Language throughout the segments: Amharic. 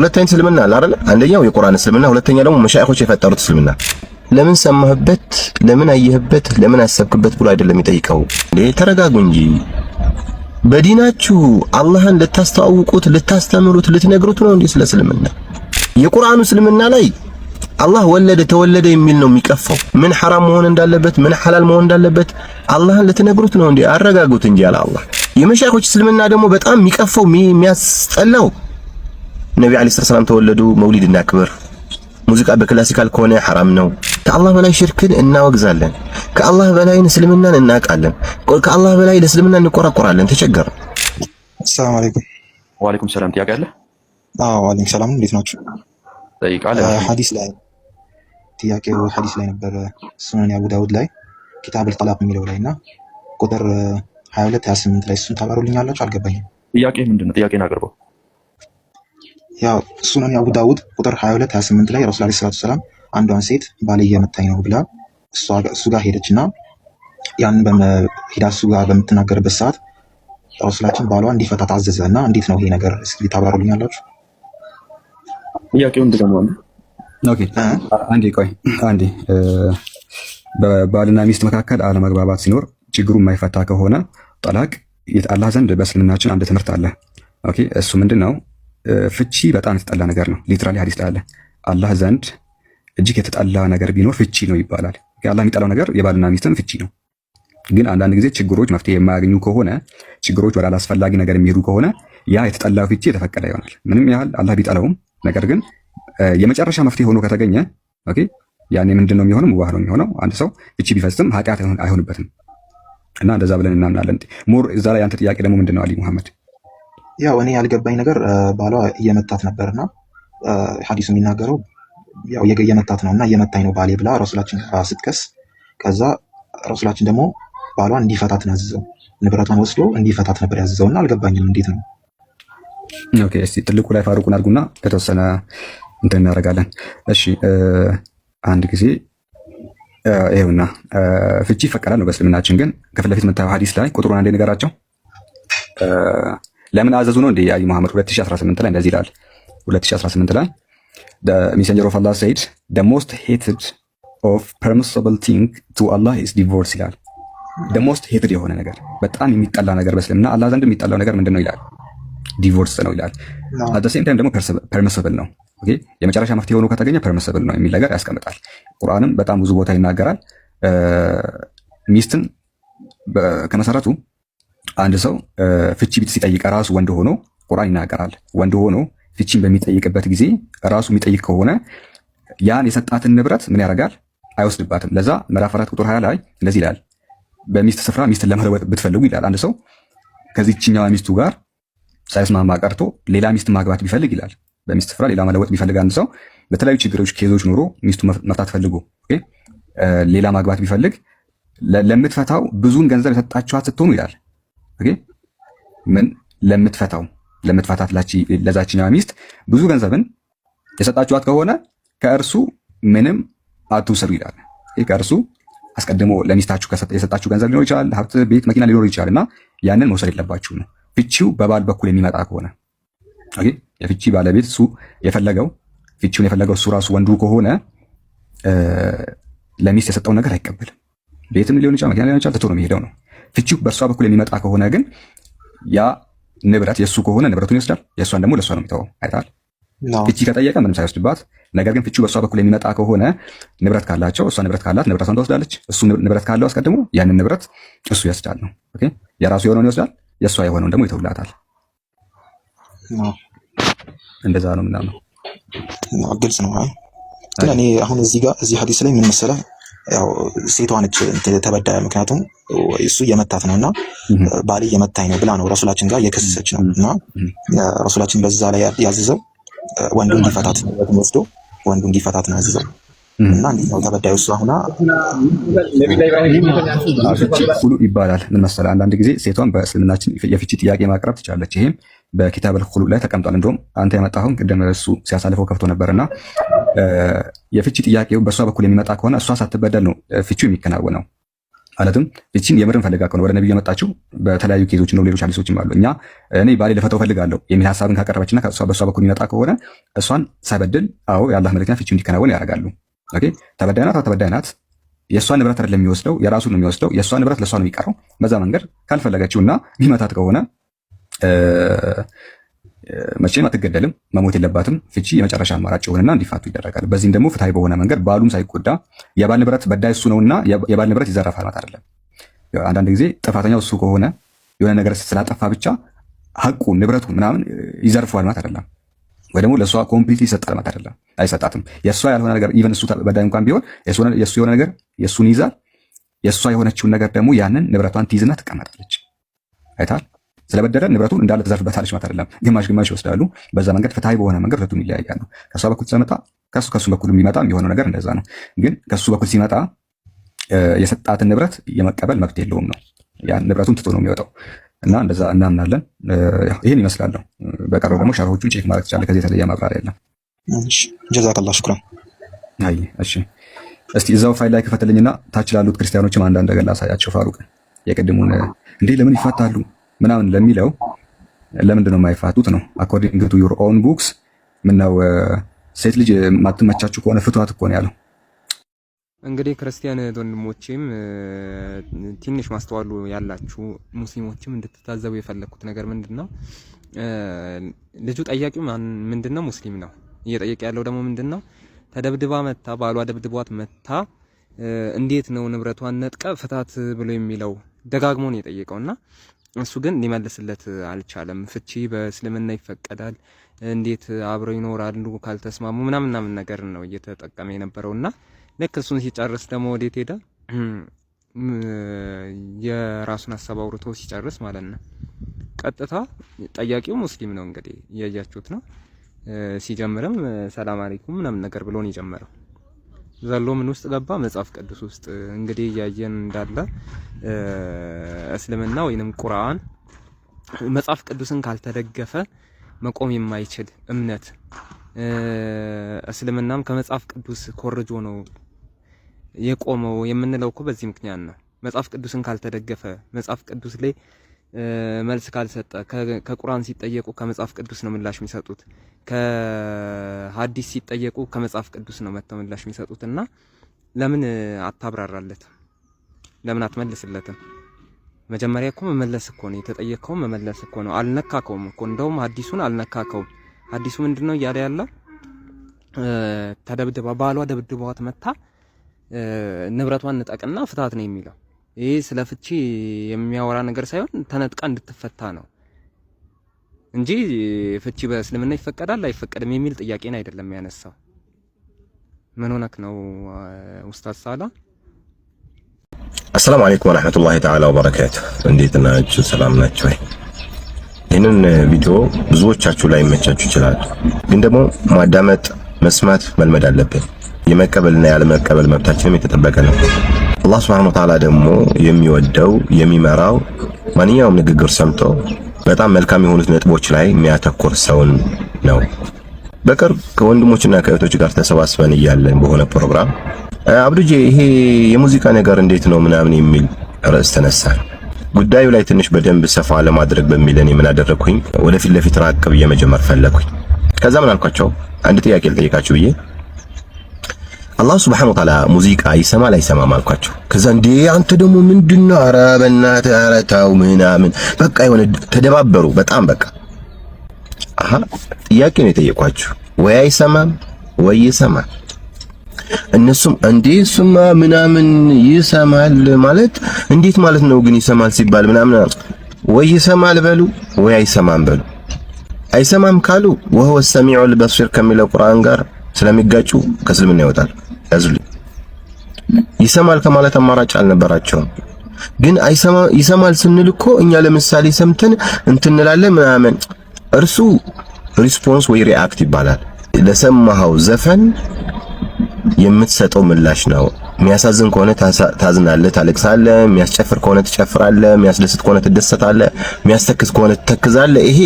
ሁለት አይነት እስልምና አለ አይደል? አንደኛው የቁርአን እስልምና፣ ሁለተኛ ደግሞ መሻይኾች የፈጠሩት እስልምና። ለምን ሰማህበት፣ ለምን አየህበት፣ ለምን አሰብክበት ብሎ አይደለም የሚጠይቀው። እንዴ ተረጋጉ እንጂ በዲናችሁ አላህን ልታስተዋውቁት፣ ልታስተምሩት፣ ልትነግሩት ነው እንዴ ስለ እስልምና? የቁርአኑ እስልምና ላይ አላህ ወለደ ተወለደ የሚል ነው የሚቀፈው። ምን ሐራም መሆን እንዳለበት ምን ሐላል መሆን እንዳለበት አላህን ልትነግሩት ነው እንዴ? አረጋጉት እንጂ አለ አላህ። የመሻይኾች እስልምና ደግሞ በጣም የሚቀፈው የሚያስጠላው ነቢ ዓለይሂ ሰላም ተወለዱ፣ መውሊድ እናክብር። ሙዚቃ በክላሲካል ከሆነ ሐራም ነው። ከአላህ በላይ ሽርክን እናወግዛለን። ከአላህ በላይ እስልምናን እናውቃለን። ከአላህ በላይ ለእስልምና እንቆራቆራለን። ተቸገር። ሰላም አለይኩም። ወአለይኩም ሰላም። ጥያቄ አለ? አዎ፣ ወአለይኩም ሰላም። እንዴት ናችሁ? ጠይቃለ። ሐዲስ ላይ ጥያቄው ሐዲስ ላይ ነበረ፣ ሱነን አቡ ዳውድ ላይ ኪታብል ጠላቅ የሚለው ላይ እና ቁጥር 22 28 ላይ እሱን ታብራሩልኛላችሁ። አልገባኝም። ጥያቄ ምንድን ነው? ጥያቄን አቅርበው ያው ሱነን የአቡ ዳውድ ቁጥር 22 28 ላይ ረሱል ዓለይሂ ሰላቱ ወሰላም አንዷን ሴት ባል እየመታኝ ነው ብላ እሱ ጋር ሄደችና ያን ሂዳ እሱ ጋር በምትናገርበት ሰዓት ረሱላችን ባሏ እንዲፈታ ታዘዘ እና እንዴት ነው ይሄ ነገር? እስኪ ታብራሩልኝ አላችሁ። ጥያቄው እንዴት ኦኬ አንዴ ቆይ አንዴ በባልና ሚስት መካከል አለመግባባት ሲኖር ችግሩ የማይፈታ ከሆነ ጠላቅ አላህ ዘንድ በእስልምናችን አንድ ትምህርት አለ። ኦኬ እሱ ምንድን ነው? ፍቺ በጣም የተጠላ ነገር ነው። ሊትራሊ ሀዲስ ላይ አለ። አላህ ዘንድ እጅግ የተጠላ ነገር ቢኖር ፍቺ ነው ይባላል። አላህ የሚጠላው ነገር የባልና ሚስትም ፍቺ ነው። ግን አንዳንድ ጊዜ ችግሮች መፍትሄ የማያገኙ ከሆነ ችግሮች ወደ አላስፈላጊ ነገር የሚሄዱ ከሆነ ያ የተጠላው ፍቺ የተፈቀደ ይሆናል። ምንም ያህል አላህ ቢጠላውም፣ ነገር ግን የመጨረሻ መፍትሄ ሆኖ ከተገኘ ኦኬ፣ ያኔ ምንድን ነው የሚሆነው? ሙባህ ነው የሚሆነው። አንድ ሰው እቺ ቢፈጽም ኃጢአት አይሆንበትም እና እንደዛ ብለን እናምናለን። ሞር እዛ ላይ አንተ ጥያቄ ደግሞ ምንድን ነው አሊ ሙሐመድ ያው እኔ ያልገባኝ ነገር ባሏ እየመታት ነበር እና ሐዲሱ የሚናገረው ያው እየመታት ነው እና እየመታኝ ነው ባሌ ብላ ረሱላችን ስትከስ፣ ከዛ ረሱላችን ደግሞ ባሏ እንዲፈታት ነው ያዘዘው። ንብረቷን ወስዶ እንዲፈታት ነበር ያዘዘው እና አልገባኝም። እንዴት ነው? ኦኬ እስቲ ትልቁ ላይ ፋሩቁን አድርጉና ከተወሰነ እንትን እናደርጋለን። እሺ አንድ ጊዜ ይኸውና ፍቺ ይፈቀዳል ነው በእስልምናችን። ግን ከፊት ለፊት መታየው ሐዲስ ላይ ቁጥሩን አንዴ ንገራቸው። ለምን አዘዙ ነው እንደ አሊ መሐመድ 2018 ላይ እንደዚህ ይላል። 2018 ላይ the messenger of Allah said the most hated of permissible thing to Allah is divorce ይላል። the most hated የሆነ ነገር በጣም የሚጠላ ነገር በእስልምና አላህ ዘንድ የሚጠላው ነገር ምንድነው ይላል። ዲቮርስ ነው ይላል። አት ሴም ታይም ደግሞ ፐርሚስብል ነው። ኦኬ የመጨረሻ መፍትሄ ሆኖ ከተገኘ ፐርሚስብል ነው የሚል ነገር ያስቀምጣል። ቁርአንም በጣም ብዙ ቦታ ይናገራል። ሚስትን ከመሰረቱ አንድ ሰው ፍቺ ቢት ሲጠይቅ ራሱ ወንድ ሆኖ ቁርአን ይናገራል። ወንድ ሆኖ ፍቺን በሚጠይቅበት ጊዜ ራሱ የሚጠይቅ ከሆነ ያን የሰጣትን ንብረት ምን ያደርጋል? አይወስድባትም። ለዛ ምዕራፍ አራት ቁጥር ሀያ ላይ እንደዚህ ይላል፣ በሚስት ስፍራ ሚስትን ለመለወጥ ብትፈልጉ ይላል። አንድ ሰው ከዚችኛዋ ሚስቱ ጋር ሳይስማማ ቀርቶ ሌላ ሚስት ማግባት ቢፈልግ ይላል፣ በሚስት ስፍራ ሌላ መለወጥ ቢፈልግ አንድ ሰው በተለያዩ ችግሮች፣ ኬዞች ኑሮ ሚስቱ መፍታት ፈልጎ ሌላ ማግባት ቢፈልግ ለምትፈታው ብዙን ገንዘብ የሰጣችኋት ስትሆኑ ይላል ምን ለምትፈታው ለምትፈታት ለዛችኛዋ ሚስት ብዙ ገንዘብን የሰጣችኋት ከሆነ ከእርሱ ምንም አትውሰዱ ይላል። ይህ ከእርሱ አስቀድሞ ለሚስታችሁ የሰጣችሁ ገንዘብ ሊኖር ይችላል፣ ሀብት፣ ቤት፣ መኪና ሊኖር ይችላል እና ያንን መውሰድ የለባችሁ ነው። ፍቺው በባል በኩል የሚመጣ ከሆነ የፍቺ ባለቤት እሱ የፈለገው ፍቺውን የፈለገው እሱ ራሱ ወንዱ ከሆነ ለሚስት የሰጠውን ነገር አይቀበልም። ቤትም ሊሆን ይችላል፣ መኪና ሊሆን ይችላል፣ ትቶ ነው የሚሄደው ነው ፍቺው በእሷ በኩል የሚመጣ ከሆነ ግን ያ ንብረት የእሱ ከሆነ ንብረቱን ይወስዳል፣ የእሷን ደግሞ ለእሷ ነው የሚተወው። አይታል ፍቺ ከጠየቀ ምንም ሳይወስድባት። ነገር ግን ፍቺው በእሷ በኩል የሚመጣ ከሆነ ንብረት ካላቸው እሷ ንብረት ካላት ንብረቷን ትወስዳለች። እሱ ንብረት ካለው አስቀድሞ ያንን ንብረት እሱ ይወስዳል ነው። የራሱ የሆነውን ይወስዳል፣ የእሷ የሆነውን ደግሞ ይተውላታል። እንደዛ ነው ምናምን። ግልጽ ነው። ግን እኔ አሁን እዚህ ጋር እዚህ ሀዲስ ላይ ምን መሰለህ ያው ሴቷ ነች ተበዳ ምክንያቱም እሱ እየመታት ነው እና ባሌ እየመታኝ ነው ብላ ነው ረሱላችን ጋር እየከሰሰች ነው እና ረሱላችን በዛ ላይ ያዘዘው ወንዱ እንዲፈታት ወስዶ ወንዱ እንዲፈታት ነው ያዘዘው። እና እንዴት ነው ተበዳዩ እሷ ሁና ሁሉ ይባላል። ምን መሰለህ አንዳንድ ጊዜ ሴቷን በእስልምናችን የፍቺ ጥያቄ ማቅረብ ትችላለች። ይሄም በኪታብ ሁሉ ላይ ተቀምጧል። እንደውም አንተ ያመጣኸውን ቅድም እሱ ሲያሳልፈው ከፍቶ ነበርና የፍቺ ጥያቄው በእሷ በኩል የሚመጣ ከሆነ እሷ ሳትበደል ነው ፍቺው የሚከናወነው። ማለትም ፍቺን የምርን ፈልጋ ከሆነ ወደ ነቢዩ የመጣችው በተለያዩ ኬዞች ነው። ሌሎች አዲሶችም አሉ። እኛ እኔ ባሌ ልፈተው ፈልጋለሁ የሚል ሀሳብን ካቀረበችና በእሷ በኩል የሚመጣ ከሆነ እሷን ሳይበድል አዎ የአላህ መልክተኛ ፍቺው እንዲከናወን ያደርጋሉ። ተበዳይናት ናት ተበዳይ የእሷን ንብረት አይደለም የሚወስደው የራሱ ነው የሚወስደው። የእሷ ንብረት ለእሷ ነው የሚቀረው። በዛ መንገድ ካልፈለገችው እና ሚመታት ከሆነ መቼም አትገደልም፣ መሞት የለባትም፣ ፍቺ የመጨረሻ አማራጭ ይሆንና እንዲፋቱ ይደረጋል። በዚህም ደግሞ ፍትሐዊ በሆነ መንገድ ባሉም ሳይጎዳ የባል ንብረት በዳይ እሱ ነውና የባል ንብረት ይዘረፋል ማለት አይደለም። አንዳንድ ጊዜ ጥፋተኛው እሱ ከሆነ የሆነ ነገር ስላጠፋ ብቻ ሀቁ ንብረቱ ምናምን ይዘርፈዋል ማለት አይደለም። ወይ ደግሞ ለእሷ ኮምፕሊት ይሰጣል ማለት አይደለም። አይሰጣትም። የእሷ ያልሆነ ነገር ኢቨን እሱ በዳይ እንኳን ቢሆን የእሱ የሆነ ነገር የእሱን ይዛል። የእሷ የሆነችውን ነገር ደግሞ ያንን ንብረቷን ትይዝና ትቀመጣለች። አይታል ስለበደለ ንብረቱ እንዳለ ተዘርፍበታለች ማለት አይደለም። ግማሽ ግማሽ ይወስዳሉ። በዛ መንገድ ፍትሐዊ በሆነ መንገድ ሁለቱም ይለያያሉ። ከእሷ በኩል ስለመጣ ከሱ ከሱ በኩል የሚመጣ የሆነው ነገር እንደዛ ነው። ግን ከሱ በኩል ሲመጣ የሰጣትን ንብረት የመቀበል መብት የለውም ነው ያን ንብረቱን ትቶ ነው የሚወጣው እና እንደዛ እናምናለን። ይህን ይመስላል በቀረው ደግሞ ሸርሆቹን ቼክ ማድረግ ይቻላል። ከዚህ የተለየ ማብራሪያ የለም። ጀዛከላ ሽኩራን። አይ እሺ፣ እስቲ እዛው ፋይል ላይ ክፈትልኝና ታች ላሉት ክርስቲያኖችም አንዳንድ ነገር ላሳያቸው። ፋሩቅ የቅድሙን እንዴ ለምን ይፋታሉ ምናምን ለሚለው ለምንድን ነው የማይፋቱት ነው? አኮርዲንግ ቱ ዩር ኦን ቡክስ ምነው ሴት ልጅ ማትመቻችሁ ከሆነ ፍቷት እኮ ነው ያለው። እንግዲህ ክርስቲያን ወንድሞቼም ትንሽ ማስተዋሉ ያላችሁ ሙስሊሞችም እንድትታዘቡ የፈለግኩት ነገር ምንድን ነው፣ ልጁ ጠያቂው ምንድን ነው ሙስሊም ነው። እየጠየቀ ያለው ደግሞ ምንድን ነው፣ ተደብድባ መታ፣ ባሏ ደብድቧት መታ፣ እንዴት ነው ንብረቷን ነጥቀ ፍታት ብሎ የሚለው ደጋግሞ ነው የጠየቀው እና እሱ ግን ሊመልስለት አልቻለም። ፍቺ በእስልምና ይፈቀዳል፣ እንዴት አብረው ይኖራሉ ካልተስማሙ ምናምን ምናምን ነገር ነው እየተጠቀመ የነበረው እና ልክ እሱን ሲጨርስ ደግሞ ወዴት ሄደ? የራሱን ሀሳብ አውርቶ ሲጨርስ ማለት ነው ቀጥታ ጠያቂው ሙስሊም ነው እንግዲህ እያያችሁት ነው። ሲጀምርም ሰላም አለይኩም ምናምን ነገር ብሎ ነው የጀመረው። ዘሎ ምን ውስጥ ገባ? መጽሐፍ ቅዱስ ውስጥ እንግዲህ እያየን እንዳለ እስልምና ወይንም ቁርአን መጽሐፍ ቅዱስን ካልተደገፈ መቆም የማይችል እምነት፣ እስልምናም ከመጽሐፍ ቅዱስ ኮርጆ ነው የቆመው የምንለው እኮ በዚህ ምክንያት ነው። መጽሐፍ ቅዱስን ካልተደገፈ መጽሐፍ ቅዱስ ላይ መልስ ካልሰጠ ከቁርአን ሲጠየቁ ከመጽሐፍ ቅዱስ ነው ምላሽ የሚሰጡት። ከሀዲስ ሲጠየቁ ከመጽሐፍ ቅዱስ ነው መተው ምላሽ የሚሰጡት እና ለምን አታብራራለት? ለምን አትመልስለትም? መጀመሪያ እኮ መመለስ እኮ ነው የተጠየቀው፣ መመለስ እኮ ነው። አልነካከውም እኮ እንደውም ሀዲሱን አልነካከውም። ሀዲሱ ምንድነው እያለ ያለው? ተደብድባ ባሏ ደብድቧት መታ ንብረቷን ንጠቅና ፍታት ነው የሚለው ይሄ ስለ ፍቺ የሚያወራ ነገር ሳይሆን ተነጥቃ እንድትፈታ ነው እንጂ ፍቺ በእስልምና ይፈቀዳል አይፈቀድም የሚል ጥያቄን አይደለም ያነሳው። ምን ሆነክ ነው ኡስታዝ ሳላ? አሰላሙ አለይኩም ወራህመቱላሂ ተዓላ ወበረካቱ። እንዴት ናችሁ? ሰላም ናችሁ ወይ? ይህንን ቪዲዮ ብዙዎቻችሁ ላይ መቻችሁ ይችላል፣ ግን ደግሞ ማዳመጥ መስማት መልመድ አለብን። የመቀበልና ያለመቀበል መብታችንም የተጠበቀ ነው። አላህ ሱብሓነሁ ወተዓላ ደግሞ የሚወደው የሚመራው ማንኛውም ንግግር ሰምቶ በጣም መልካም የሆኑት ነጥቦች ላይ የሚያተኩር ሰውን ነው። በቅርብ ከወንድሞችና ከእህቶች ጋር ተሰባስበን እያለን በሆነ ፕሮግራም አብዱጄ ይሄ የሙዚቃ ነገር እንዴት ነው ምናምን የሚል ርዕስ ተነሳ። ጉዳዩ ላይ ትንሽ በደንብ ሰፋ ለማድረግ በሚል እኔ ምን አደረግኩኝ፣ ወደፊት ለፊት ራቅ ብዬ መጀመር ፈለግኩኝ። ከዛ ምን አልኳቸው፣ አንድ ጥያቄ ልጠይቃችሁ ብዬ አላህ ስብሐነሁ ወተዓላ ሙዚቃ ይሰማል አይሰማም አልኳቸው። ከዛ እንዴ አንተ ደግሞ ምንድነው? ኧረ በእናትህ ኧረ ተው ምናምን በቃ የሆነ ተደባበሩ። በጣም በቃ አሃ ጥያቄ ነው የጠየኳችሁ። ወይ አይሰማም ወይ ይሰማል። እነሱም እንዴ እሱማ ምናምን ይሰማል ማለት እንዴት ማለት ነው ግን ይሰማል ሲባል ምናምን ወይ ይሰማል በሉ ወይ አይሰማም በሉ። አይሰማም ካሉ ወሁወ ሰሚዑል በሲር ከሚለው ቁርአን ጋር ስለሚጋጩ ከእስልምና ይወጣል። ያዙልኝ። ይሰማል ከማለት አማራጭ አልነበራቸውም። ግን ይሰማል ስንል እኮ እኛ ለምሳሌ ሰምተን እንትንላለን ምናምን። እርሱ ሪስፖንስ ወይ ሪአክት ይባላል። ለሰማኸው ዘፈን የምትሰጠው ምላሽ ነው። የሚያሳዝን ከሆነ ታዝናለህ፣ ታለቅሳለህ። የሚያስጨፍር ከሆነ ትጨፍራለህ። የሚያስደስት ከሆነ ትደሰታለህ። የሚያስተክዝ ከሆነ ትተክዛለህ። ይሄ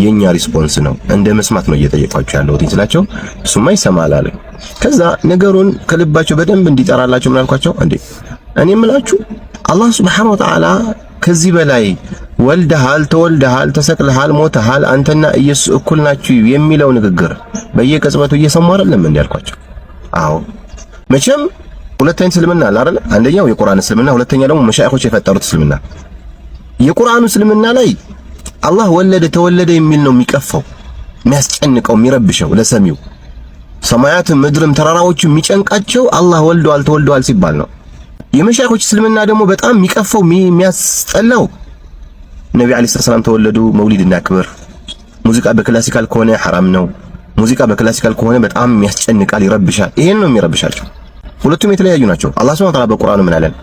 የኛ ሪስፖንስ ነው እንደ መስማት ነው እየጠየቋቸው ያለሁት ስላቸው፣ እሱማ ይሰማል አለ። ከዛ ነገሩን ከልባቸው በደንብ እንዲጠራላቸው ምን አልኳቸው? እንዴ እኔ ምላችሁ አላህ ሱብሓነሁ ወተዓላ ከዚህ በላይ ወልደሃል፣ ተወልደሃል፣ ተሰቅለሃል፣ ሞተሃል፣ አንተና ኢየሱስ እኩል ናችሁ የሚለው ንግግር በየቅጽበቱ እየሰሙ አይደለም እንዴ አልኳቸው። አዎ መቼም ሁለት አይነት እስልምና አለ አይደል? አንደኛው የቁርአን እስልምና፣ ሁለተኛ ደግሞ መሻይኾች የፈጠሩት እስልምና። የቁርአኑ እስልምና ላይ አላህ ወለደ ተወለደ የሚል ነው የሚቀፈው፣ የሚያስጨንቀው፣ የሚረብሸው ለሰሚው ሰማያትም ምድርም ተራራዎቹ የሚጨንቃቸው አላህ ወልደዋል ተወልደዋል ሲባል ነው። የመሻይኮች እስልምና ደግሞ በጣም የሚቀፈው የሚያስጠላው ነቢ ዓለይሂ ሰላም ተወለዱ፣ መውሊድ እናክብር። ሙዚቃ በክላሲካል ከሆነ ሐራም ነው። ሙዚቃ በክላሲካል ከሆነ በጣም ያስጨንቃል፣ ይረብሻል። ይሄን ነው የሚረብሻቸው። ሁለቱም የተለያዩ ናቸው። አላህ ሱብሓነሁ ወተዓላ በቁርአኑ ምን አለን?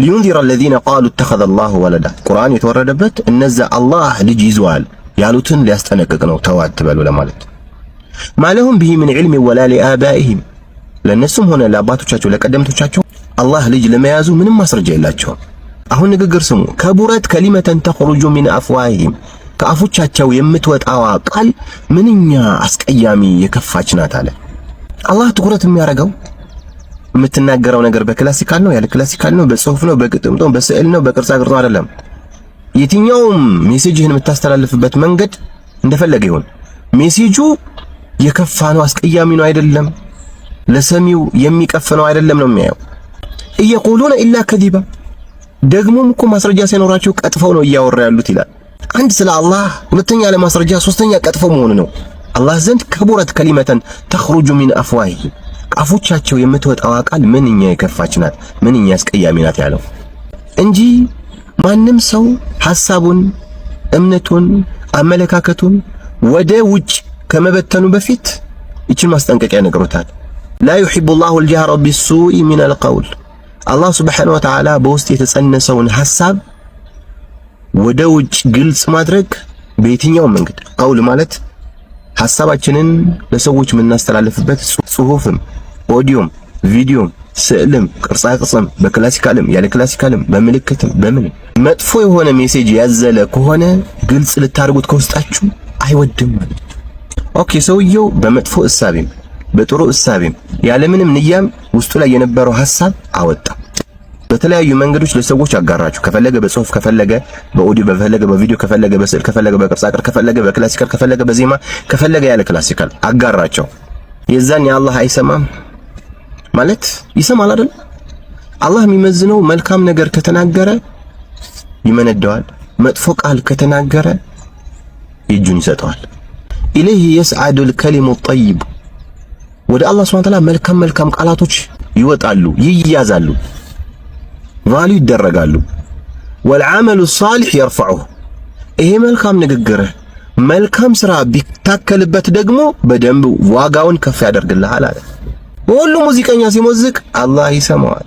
ሊዩንዚረ አለዚነ ቃሉ እተኸዘ አላሁ ወለዳ ቁርአን የተወረደበት እነዛ አላህ ልጅ ይዘዋል ያሉትን ሊያስጠነቅቅ ነው። ተው አትበሉ ለማለት ማለሁም ብሂ ምን ዒልም ወላ ሊአባኢሂም ለእነሱም ሆነ ለአባቶቻቸው ለቀደምቶቻቸው አላህ ልጅ ለመያዙ ምንም ማስረጃ የላቸውም። አሁን ንግግር ስሙ። ከቡረት ከሊመተን ተኽሩጁ ሚን አፍዋሂም ከአፎቻቸው የምትወጣዋ ቃል ምንኛ አስቀያሚ የከፋች ናት አለ። አላህ ትኩረት የሚያደርገው የምትናገረው ነገር በክላሲካል ነው፣ ያለ ክላሲካል ነው፣ በጽሁፍ ነው፣ በግጥምጦ በስዕል ነው፣ በቅርጻ ቅርጽ አይደለም። የትኛውም ሜሴጅህን የምታስተላልፍበት መንገድ እንደፈለገ ይሁን፣ ሜሴጁ የከፋ ነው፣ አስቀያሚ ነው አይደለም፣ ለሰሚው የሚቀፍ ነው አይደለም ነው የሚያየው። እየቆሉነ ኢላ ከዚባ ደግሞም እኮ ማስረጃ ሳይኖራቸው ቀጥፈው ነው እያወራ ያሉት ይላል። አንድ ስለ አላህ፣ ሁለተኛ ለማስረጃ፣ ሶስተኛ ቀጥፈው መሆኑ ነው። አላህ ዘንድ ከቡረት ከሊመተን ተኽሩጁ ሚን አፍዋሂ ከአፎቻቸው የምትወጣው ቃል ምንኛ የከፋች ናት፣ ምንኛ አስቀያሚ ናት ያለው እንጂ ማንም ሰው ሐሳቡን፣ እምነቱን፣ አመለካከቱን ወደ ውጭ ከመበተኑ በፊት ይችን ማስጠንቀቂያ ነግሮታል። ላ ዩሒቡ ላሁ ልጃህረ ቢሱኢ ሚነል ቀውል አላህ ስብሓነ ወተዓላ በውስጥ የተጸነሰውን ሐሳብ ወደ ውጭ ግልጽ ማድረግ በየትኛው መንገድ ቀውል ማለት ሐሳባችንን ለሰዎች የምናስተላልፍበት ጽሁፍም ኦዲዮም፣ ቪዲዮም፣ ስዕልም፣ ቅርጻቅርጽም በክላሲካልም ያለ ክላሲካልም በምልክትም በምንም መጥፎ የሆነ ሜሴጅ ያዘለ ከሆነ ግልጽ ልታርጉት ከውስጣችሁ አይወድም ማለት ኦኬ። ሰውየው በመጥፎ እሳቤም በጥሩ እሳቤም ያለምንም ንያም ውስጡ ላይ የነበረው ሐሳብ አወጣ። በተለያዩ መንገዶች ለሰዎች አጋራችሁ። ከፈለገ በጽሁፍ፣ ከፈለገ በኦዲዮ፣ በፈለገ በቪዲዮ፣ ከፈለገ በስዕል፣ ከፈለገ በቅርጻቅር፣ ከፈለገ በክላሲካል፣ ከፈለገ በዜማ፣ ከፈለገ ያለ ክላሲካል አጋራቸው። የዛን የአላህ አይሰማም ማለት ይሰማል አይደል? አላህ የሚመዝነው መልካም ነገር ከተናገረ ይመነደዋል፣ መጥፎ ቃል ከተናገረ እጁን ይሰጠዋል። ኢለይህ የስዓዱል ከሊሙ ጠይብ ወደ አላህ ሱብሓነሁ ወተዓላ መልካም መልካም ቃላቶች ይወጣሉ፣ ይያዛሉ፣ ቫሉ ይደረጋሉ። ወልዓመሉ ሷሊሕ የርፈዑሁ ይሄ መልካም ንግግርህ መልካም ስራ ቢታከልበት ደግሞ በደንብ ዋጋውን ከፍ ያደርግልሃል አለ። ሁሉ ሙዚቀኛ ሲሞዝቅ አላህ ይሰማዋል።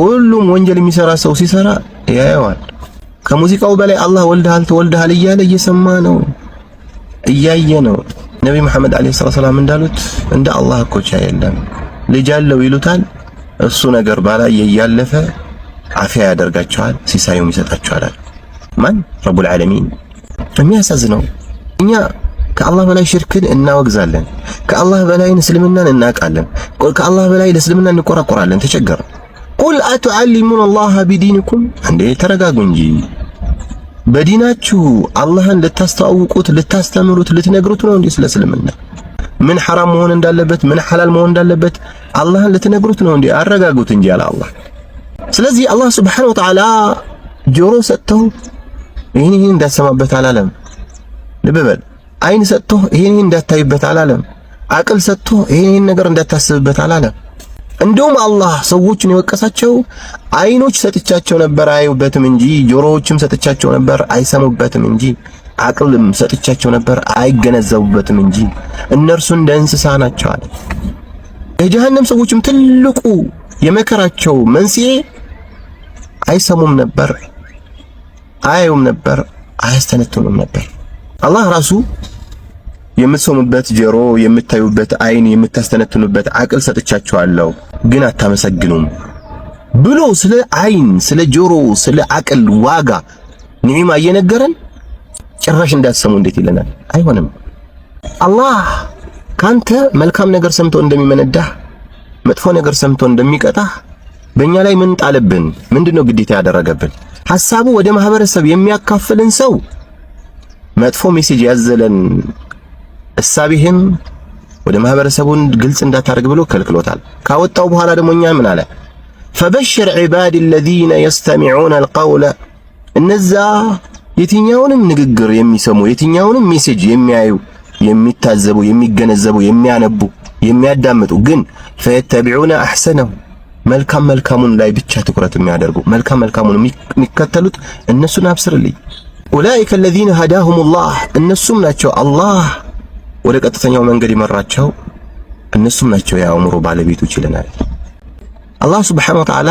ሁሉም ወንጀል የሚሰራ ሰው ሲሰራ ያየዋል። ከሙዚቃው በላይ አላህ ወልደሃል ተወልደሃል እያለ እየሰማ ነው፣ እያየ ነው። ነቢ መሐመድ አለይሂ ሰላም እንዳሉት እንደ አላህ እኮ ቻ የለም። ልጅ አለው ይሉታል። እሱ ነገር ባላየ እያለፈ አፊያ ያደርጋቸዋል፣ ሲሳዩም ይሰጣቸዋል። ማን ረቡል ዓለሚን። የሚያሳዝነው እኛ ከአላህ በላይ ሽርክን እናወግዛለን። ከአላህ በላይ እስልምናን እናውቃለን። ከአላህ በላይ ለእስልምና እንቆራቆራለን። ተቸገር ቁል አቱዓሊሙን አላህ ቢዲንኩም። እንዴ ተረጋጉ እንጂ በዲናችሁ አላህን ልታስተዋውቁት፣ ልታስተምሩት፣ ልትነግሩት ነው እንዴ? ስለ እስልምና ምን ሐራም መሆን እንዳለበት፣ ምን ሐላል መሆን እንዳለበት አላህን ልትነግሩት ነው እንዴ? አረጋጉት እንጂ አለ አላህ። ስለዚህ አላህ ሱብሓነሁ ወተዓላ ጆሮ ሰጥተው ይህን ይህን እንዳሰማበት አላለም። ልብ በል አይን ሰጥቶ ይሄን እንዳታይበት አላለም። አቅል ሰጥቶ ይሄን ነገር እንዳታስብበት አላለም። እንደውም አላህ ሰዎችን የወቀሳቸው አይኖች ሰጥቻቸው ነበር አይውበትም እንጂ፣ ጆሮዎችም ሰጥቻቸው ነበር አይሰሙበትም እንጂ፣ አቅልም ሰጥቻቸው ነበር አይገነዘቡበትም እንጂ እነርሱ እንደ እንስሳ ናቸው አለ። የጀሃነም ሰዎችም ትልቁ የመከራቸው መንስኤ አይሰሙም ነበር፣ አያዩም ነበር፣ አያስተነትኑም ነበር። አላህ ራሱ የምትሰሙበት ጆሮ፣ የምታዩበት አይን፣ የምታስተነትኑበት አቅል ሰጥቻችኋለሁ፣ ግን አታመሰግኑም ብሎ ስለ አይን፣ ስለ ጆሮ፣ ስለ አቅል ዋጋ ኒዕማ እየነገረን ጭራሽ እንዳትሰሙ እንዴት ይለናል? አይሆንም። አላህ ካንተ መልካም ነገር ሰምቶ እንደሚመነዳህ መጥፎ ነገር ሰምቶ እንደሚቀጣህ በእኛ ላይ ምን ጣለብን? ምንድነው ግዴታ ያደረገብን? ሐሳቡ ወደ ማህበረሰብ የሚያካፍልን ሰው መጥፎ ሜሴጅ ያዘለን እሳቤህም ወደ ማህበረሰቡን ግልጽ እንዳታርግ ብሎ ከልክሎታል። ካወጣው በኋላ ደግሞ እኛ ምን አለ? ፈበሽር ዒባዲ አለዚነ የስተሚዑነ አልቀውለ እነዛ የትኛውንም ንግግር የሚሰሙ የትኛውንም ሜሴጅ የሚያዩ የሚታዘቡ የሚገነዘቡ የሚያነቡ የሚያዳምጡ ግን ፈየተቢዑነ አሕሰነሁ መልካም መልካሙን ላይ ብቻ ትኩረት የሚያደርጉ መልካም መልካሙን የሚከተሉት እነሱን አብስርልኝ ኡላኢከ አለዚነ ሀዳሁሙላህ እነሱም ናቸው አላህ ወደ ቀጥተኛው መንገድ የመራቸው እነሱም ናቸው የአእምሮ ባለቤቶች ይለናል። አላህ ሱብሓነሁ ወተዓላ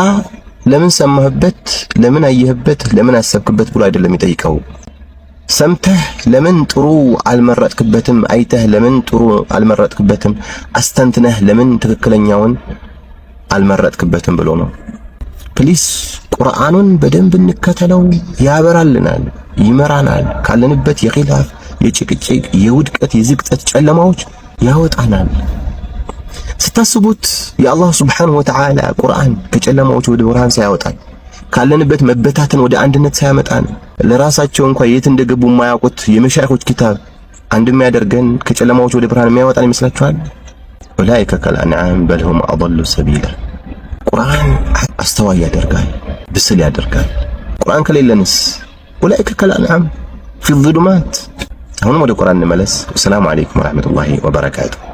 ለምን ሰማህበት፣ ለምን አየህበት፣ ለምን አሰብክበት ብሎ አይደለም የሚጠይቀው? ሰምተህ ለምን ጥሩ አልመረጥክበትም? አይተህ ለምን ጥሩ አልመረጥክበትም? አስተንትነህ ለምን ትክክለኛውን አልመረጥክበትም ብሎ ነው። ፕሊስ ቁርአኑን በደንብ እንከተለው፣ ያበራልናል፣ ይመራናል ካለንበት የኺላፍ የጭቅጭቅ፣ የውድቀት፣ የዝቅጠት ጨለማዎች ያወጣናል። ስታስቡት የአላህ ሱብሓነሁ ወተዓላ ቁርአን ከጨለማዎች ወደ ብርሃን ሳያወጣን ካለንበት መበታተን ወደ አንድነት ሳያመጣን ለራሳቸው እንኳ የት እንደገቡ የማያውቁት የመሻይኾች ኪታብ አንድ የሚያደርገን ከጨለማዎች ወደ ብርሃን የሚያወጣን ይመስላችኋል? ኡላኢከ ከልአንዓም በልሁም አደሉ ሰቢላ። ቁርአን አስተዋይ ያደርጋል፣ ብስል ያደርጋል። ቁርአን ከሌለንስ ኡላኢከ ከልአንዓም ፊ ዙሉማት هون مودي قران نملس السلام عليكم ورحمه الله وبركاته